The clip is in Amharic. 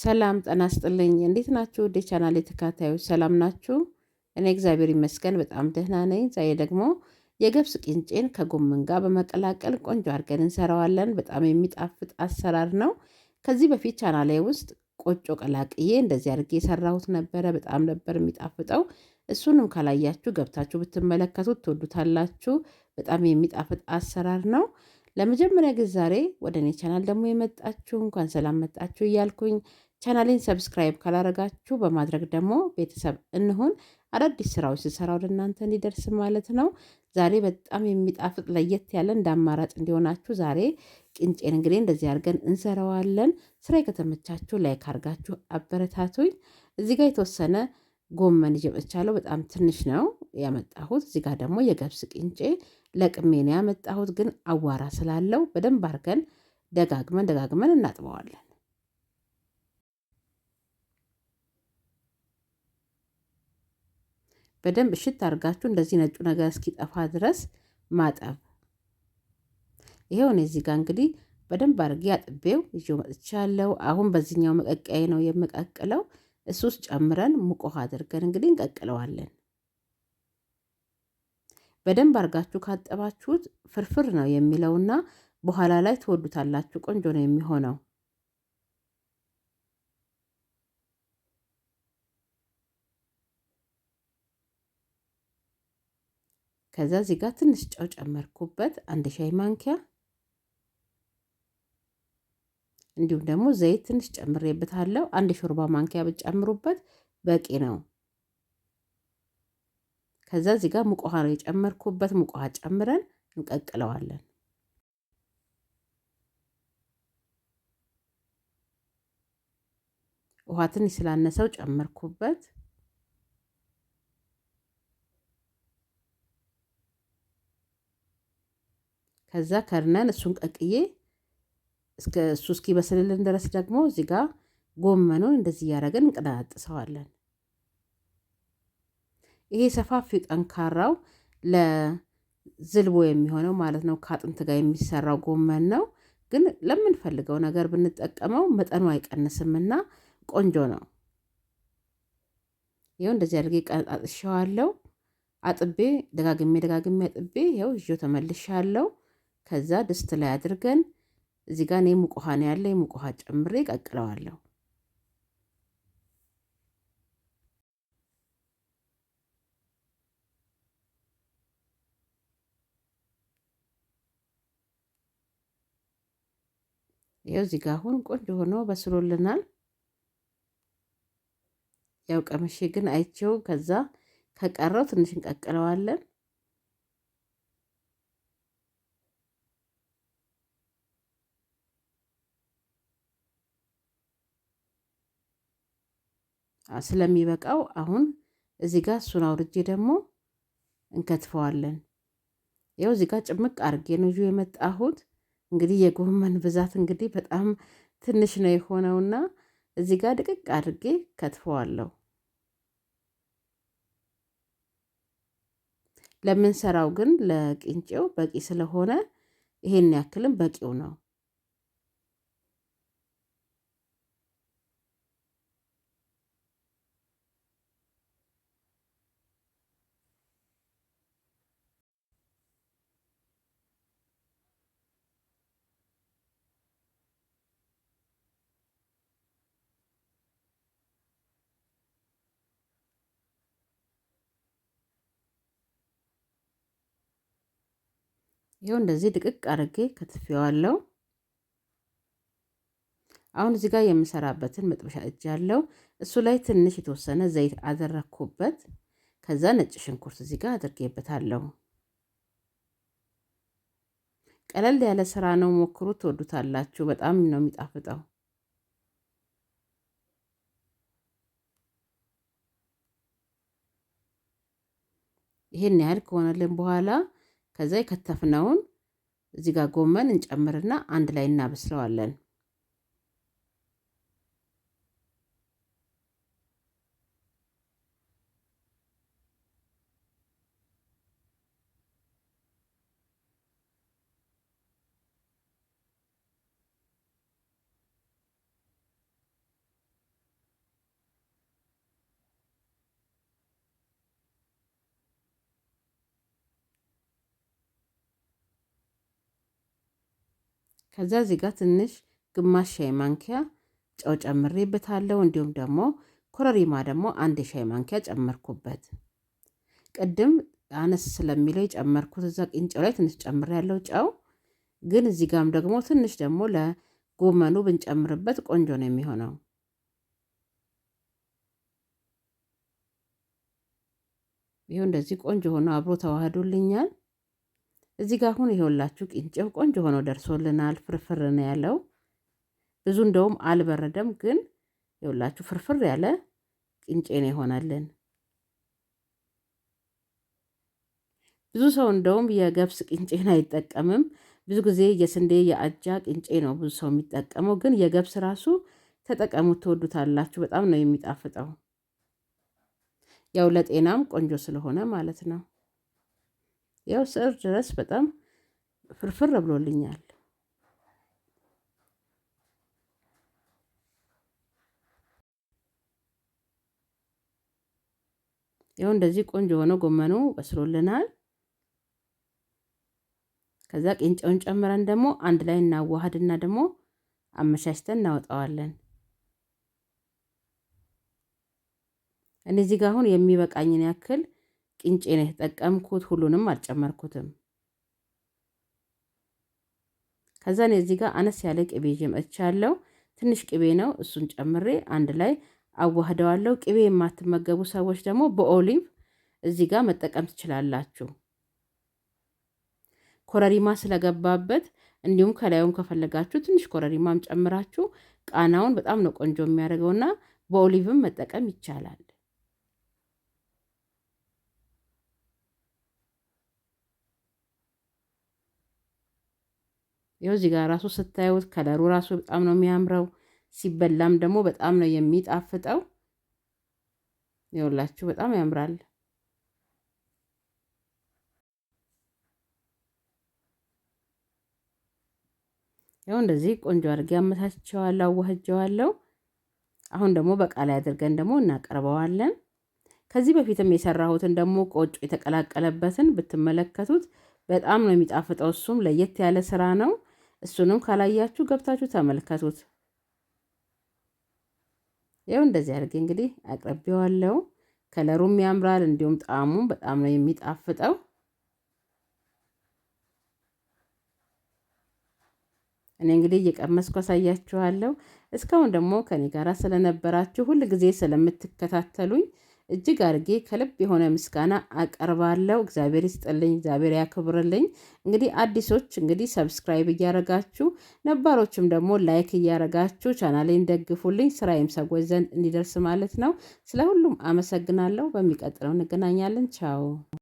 ሰላም ጠና ስጥልኝ። እንዴት ናችሁ? ወደ ቻናል የተካታዮች ሰላም ናችሁ? እኔ እግዚአብሔር ይመስገን በጣም ደህና ነኝ። ዛሬ ደግሞ የገብስ ቅንጬን ከጎመን ጋር በመቀላቀል ቆንጆ አድርገን እንሰራዋለን። በጣም የሚጣፍጥ አሰራር ነው። ከዚህ በፊት ቻናሌ ውስጥ ቆጮ ቀላቅዬ እንደዚህ አድርጌ የሰራሁት ነበረ። በጣም ነበር የሚጣፍጠው። እሱንም ካላያችሁ ገብታችሁ ብትመለከቱት ትወዱታላችሁ። በጣም የሚጣፍጥ አሰራር ነው። ለመጀመሪያ ጊዜ ዛሬ ወደ እኔ ቻናል ደግሞ የመጣችሁ እንኳን ሰላም መጣችሁ እያልኩኝ ቻናሌን ሰብስክራይብ ካላረጋችሁ በማድረግ ደግሞ ቤተሰብ እንሁን። አዳዲስ ስራዎች ስሰራ ወደ እናንተ እንዲደርስ ማለት ነው። ዛሬ በጣም የሚጣፍጥ ለየት ያለ እንደ አማራጭ እንዲሆናችሁ ዛሬ ቅንጬን እንግዲህ እንደዚህ አድርገን እንሰራዋለን። ስራ ከተመቻችሁ ላይክ አድርጋችሁ አበረታቱኝ። እዚህ ጋር የተወሰነ ጎመን ይዤ መጥቻለሁ። በጣም ትንሽ ነው ያመጣሁት። እዚህ ጋር ደግሞ የገብስ ቅንጬ ለቅሜን ያመጣሁት፣ ግን አዋራ ስላለው በደንብ አድርገን ደጋግመን ደጋግመን እናጥበዋለን። በደንብ እሽት አድርጋችሁ እንደዚህ ነጩ ነገር እስኪጠፋ ድረስ ማጠብ። ይሄው እኔ እዚህ ጋር እንግዲህ በደንብ አድርጌ አጥቤው ይዤው መጥቻለሁ። አሁን በዚህኛው መቀቀያ ነው የምቀቅለው። እሱ ውስጥ ጨምረን ሙቅ ውሃ አድርገን እንግዲህ እንቀቅለዋለን። በደንብ አድርጋችሁ ካጠባችሁት ፍርፍር ነው የሚለውና በኋላ ላይ ትወዱታላችሁ። ቆንጆ ነው የሚሆነው። ከዛ እዚህ ጋር ትንሽ ጨው ጨመርኩበት፣ አንድ ሻይ ማንኪያ እንዲሁም ደግሞ ዘይት ትንሽ ጨምሬበታለሁ። አንድ ሾርባ ማንኪያ ብጨምሩበት በቂ ነው። ከዛ እዚህ ጋር ሙቅ ውሃ ነው የጨመርኩበት። ሙቅ ውሃ ጨምረን እንቀቅለዋለን። ውሃ ትንሽ ስላነሰው ጨመርኩበት። ከዛ ከርነን እሱን ቀቅዬ እሱ እስኪበስልልን ድረስ ደግሞ እዚህ ጋር ጎመኑን እንደዚህ እያደረግን እንቀናጥሰዋለን። ይሄ ሰፋፊው ጠንካራው ለዝልቦ የሚሆነው ማለት ነው። ከአጥንት ጋር የሚሰራው ጎመን ነው። ግን ለምንፈልገው ነገር ብንጠቀመው መጠኑ አይቀንስምና ቆንጆ ነው። ይኸው እንደዚህ አድርጌ አጥሸዋለሁ። አጥቤ ደጋግሜ ደጋግሜ አጥቤ ይኸው እዤው ተመልሻለሁ። ከዛ ድስት ላይ አድርገን እዚህ ጋር እኔ ሙቅ ውሃ ነው ያለ ሙቅ ውሃ ጨምሬ ቀቅለዋለሁ። ይኸው እዚህ ጋር አሁን ቆንጆ ሆኖ በስሎልናል። ያው ቀመሼ ግን አይቼው ከዛ ከቀረው ትንሽ እንቀቅለዋለን። ስለሚበቃው አሁን እዚህ ጋር እሱን አውርጄ ደግሞ እንከትፈዋለን። ያው እዚህ ጋር ጭምቅ አርጌ ነው የመጣሁት። እንግዲህ የጎመን ብዛት እንግዲህ በጣም ትንሽ ነው የሆነውና እዚህ ጋር ድቅቅ አድርጌ ከትፈዋለሁ። ለምንሰራው ግን ለቂንጬው በቂ ስለሆነ ይሄን ያክልም በቂው ነው። ይኸው እንደዚህ ድቅቅ አድርጌ ከትፌዋለሁ። አሁን እዚህ ጋር የምሰራበትን መጥበሻ እጅ አለው እሱ ላይ ትንሽ የተወሰነ ዘይት አደረግኩበት። ከዛ ነጭ ሽንኩርት እዚህ ጋር አድርጌበታለሁ። ቀለል ያለ ስራ ነው፣ ሞክሩት፣ ትወዱታላችሁ። በጣም ነው የሚጣፍጠው። ይሄን ያህል ከሆነልን በኋላ ከዛ የከተፍነውን እዚህ ጋር ጎመን እንጨምርና አንድ ላይ እናበስለዋለን። ከዛ እዚህ ጋር ትንሽ ግማሽ ሻይ ማንኪያ ጨው ጨምሬበታለሁ። እንዲሁም ደግሞ ኮረሪማ ደግሞ አንድ የሻይ ማንኪያ ጨመርኩበት። ቅድም አነስ ስለሚለው የጨመርኩት እዛ ቅንጨው ላይ ትንሽ ጨምር ያለው ጨው ግን እዚህ ጋም ደግሞ ትንሽ ደግሞ ለጎመኑ ብንጨምርበት ቆንጆ ነው የሚሆነው። ይኸው እንደዚህ ቆንጆ ሆኖ አብሮ ተዋህዶልኛል። እዚህ ጋር አሁን ይሄውላችሁ ቅንጨው ቆንጆ ሆኖ ደርሶልናል። ፍርፍር ነው ያለው። ብዙ እንደውም አልበረደም፣ ግን የሁላችሁ ፍርፍር ያለ ቅንጬ ነው የሆነልን። ብዙ ሰው እንደውም የገብስ ቅንጬን አይጠቀምም። ብዙ ጊዜ የስንዴ የአጃ ቅንጬ ነው ብዙ ሰው የሚጠቀመው፣ ግን የገብስ ራሱ ተጠቀሙት፣ ትወዱታላችሁ። በጣም ነው የሚጣፍጠው። ያው ለጤናም ቆንጆ ስለሆነ ማለት ነው። ያው ስር ድረስ በጣም ፍርፍር ብሎልኛል። ይኸው እንደዚህ ቆንጆ ሆኖ ጎመኑ በስሎልናል። ከዛ ቂንጨውን ጨምረን ደግሞ አንድ ላይ እናዋሃድና ደግሞ አመሻሽተን እናወጣዋለን። እኔ እዚህ ጋር አሁን የሚበቃኝን ያክል ቅንጬ የተጠቀምኩት። ሁሉንም አልጨመርኩትም። ከዛን እዚህ ጋር አነስ ያለ ቅቤ ያለው ትንሽ ቅቤ ነው፣ እሱን ጨምሬ አንድ ላይ አዋህደዋለሁ። ቅቤ የማትመገቡ ሰዎች ደግሞ በኦሊቭ እዚህ ጋር መጠቀም ትችላላችሁ። ኮረሪማ ስለገባበት እንዲሁም ከላዩም ከፈለጋችሁ ትንሽ ኮረሪማም ጨምራችሁ ቃናውን በጣም ነው ቆንጆ የሚያደርገውና በኦሊቭም መጠቀም ይቻላል። ይኸው እዚህ ጋር ራሱ ስታዩት ከለሩ ራሱ በጣም ነው የሚያምረው። ሲበላም ደግሞ በጣም ነው የሚጣፍጠው። ይኸውላችሁ በጣም ያምራል። ይኸው እንደዚህ ቆንጆ አድርጌ አመታቸዋለሁ፣ አዋህጀዋለሁ። አሁን ደግሞ በቃ ላይ አድርገን ደግሞ እናቀርበዋለን። ከዚህ በፊትም የሰራሁትን ደግሞ ቆጮ የተቀላቀለበትን ብትመለከቱት በጣም ነው የሚጣፍጠው። እሱም ለየት ያለ ስራ ነው። እሱንም ካላያችሁ ገብታችሁ ተመልከቱት። ይኸው እንደዚህ አድርጌ እንግዲህ አቅርቤዋለሁ። ከለሩም ያምራል፣ እንዲሁም ጣዕሙ በጣም ነው የሚጣፍጠው። እኔ እንግዲህ እየቀመስኩ አሳያችኋለሁ። እስካሁን ደግሞ ከኔ ጋር ስለነበራችሁ ሁል ጊዜ ስለምትከታተሉኝ እጅግ አድርጌ ከልብ የሆነ ምስጋና አቀርባለሁ። እግዚአብሔር ይስጥልኝ፣ እግዚአብሔር ያክብርልኝ። እንግዲህ አዲሶች እንግዲህ ሰብስክራይብ እያረጋችሁ፣ ነባሮችም ደግሞ ላይክ እያረጋችሁ ቻናሌን ደግፉልኝ፣ ስራዬም ሰዎች ዘንድ እንዲደርስ ማለት ነው። ስለ ሁሉም አመሰግናለሁ። በሚቀጥለው እንገናኛለን። ቻው